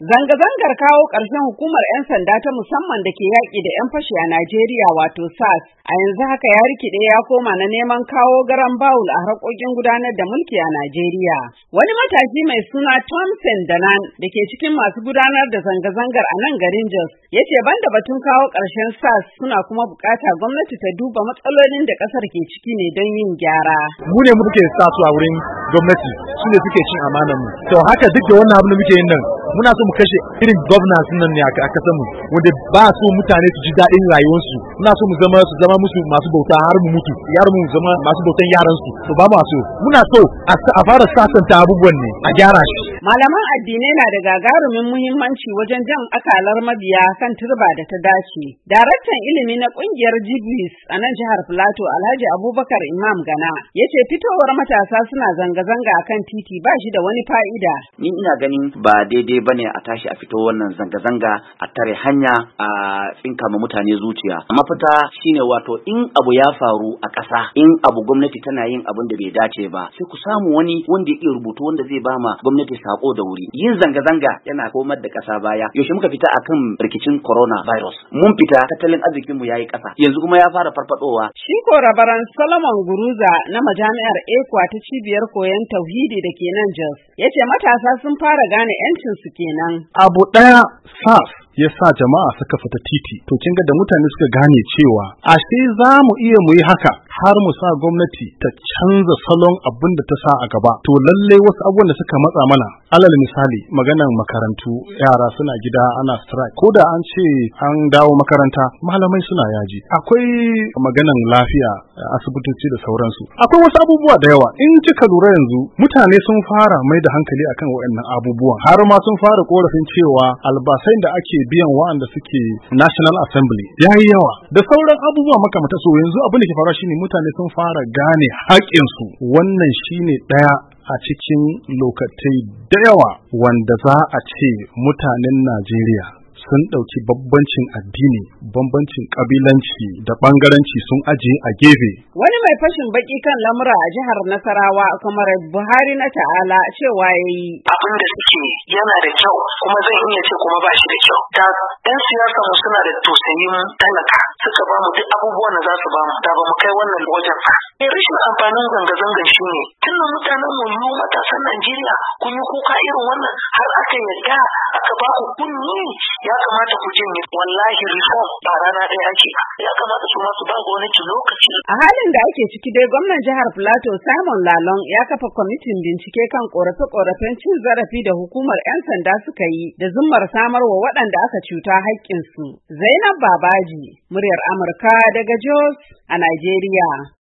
Zanga-zangar kawo ƙarshen hukumar 'yan sanda ta musamman da ke yaƙi da 'yan fashi a Najeriya wato SAS a yanzu haka ya rikide ya koma na neman kawo garan bawul a harkokin gudanar da mulki a Najeriya. Wani matashi mai suna Thompson Danan da ke cikin masu gudanar da zanga-zangar a nan garin Jos ya ce banda batun kawo ƙarshen SAS suna kuma buƙata gwamnati ta duba matsalolin da ƙasar ke ciki ne don yin gyara. Mu ne muke sa su a wurin gwamnati su ne suke cin amanar mu. To haka duk da wannan abin da muke yin nan muna so mu kashe irin governors nan ne a kasar mu wanda ba so mutane su ji daɗin rayuwarsu muna so mu zama su zama musu masu bauta har mu mutu yar mu zama masu bautan yaran su to ba mu so muna so a fara sasanta abubuwan ne a gyara shi Malaman addinai na da gagarumin muhimmanci wajen jan akalar mabiya kan turba da ta dace. Daraktan ilimi na kungiyar Jibris a nan jihar Filato Alhaji Abubakar Imam Gana ya ce fitowar matasa suna zanga-zanga a kan titi ba shi da wani fa'ida. Ni ina ganin ba daidai ba ne a tashi a fito wannan zanga-zanga a tare hanya a tsinka ma mutane zuciya. Mafita shine wato in abu ya faru a ƙasa in abu gwamnati tana yin abin da bai dace ba sai ku samu wani wanda ya iya rubutu wanda zai ba ma gwamnati sako da wuri yin zanga-zanga yana komar da ƙasa baya yaushe muka fita akan rikicin corona virus mun fita tattalin arzikin mu yayi ƙasa yanzu kuma ya fara farfadowa shi ko rabaran Solomon Guruza na majami'ar Ekwa ta cibiyar koyon tauhidi da ke nan Jos yace matasa sun fara gane yancin su kenan abu ɗaya sa-sa ya sa jama'a suka fita titi to kin da mutane suka gane cewa ashe za mu iya mu yi haka har mu sa gwamnati ta canza salon abin da ta sa a gaba to lalle wasu abubuwan da suka matsa mana alal misali maganan makarantu yara suna gida ana strike ko da an ce an dawo makaranta malamai suna yaji akwai maganan lafiya asibitoci da sauransu akwai wasu abubuwa da yawa in kika lura yanzu mutane sun fara mai da hankali akan waɗannan abubuwan har ma sun fara korafin cewa albasai da ake biyan wa'anda suke national assembly yayi yawa da sauran abubuwa makamata so yanzu abin da ke faruwa shine mutane sun fara gane haƙinsu wannan shine ɗaya a cikin lokacin da yawa wanda za a ce mutanen Najeriya sun ɗauki bambancin addini bambancin ƙabilanci da ɓangaranci sun ajiye a gefe. Wani mai fashin baƙi kan lamura a jihar Nasarawa kamar Buhari na ta'ala cewa ya yi. Abin da suke yana da kyau kuma zan iya ce kuma ba shi da kyau. ta ɗan siyasa mu suna da tausayin talaka suka ba mu duk abubuwan da za su ba mu da ba mu kai wannan wajen ba. Eh, rashin amfanin zanga-zangan shi ne wannan mutanen mu mu matasan Najeriya kun yi kuka irin wannan har aka yarda aka ba ku kunni ya kamata ku janye wallahi reform ba rana ɗaya ake ya kamata su masu ba ku wani lokaci. A halin da ake ciki dai gwamnan jihar Plateau Simon Lalong ya kafa kwamitin bincike kan korafe-korafen cin zarafi da hukumar 'yan sanda suka yi da zummar samarwa waɗanda aka cuta haƙƙinsu. Zainab Babaji, muryar Amurka daga Jos a Najeriya.